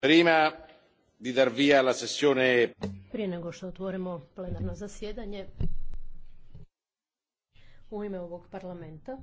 Prima di dar via sessione... Prije nego što otvorimo plenarno zasjedanje u ime ovog parlamenta,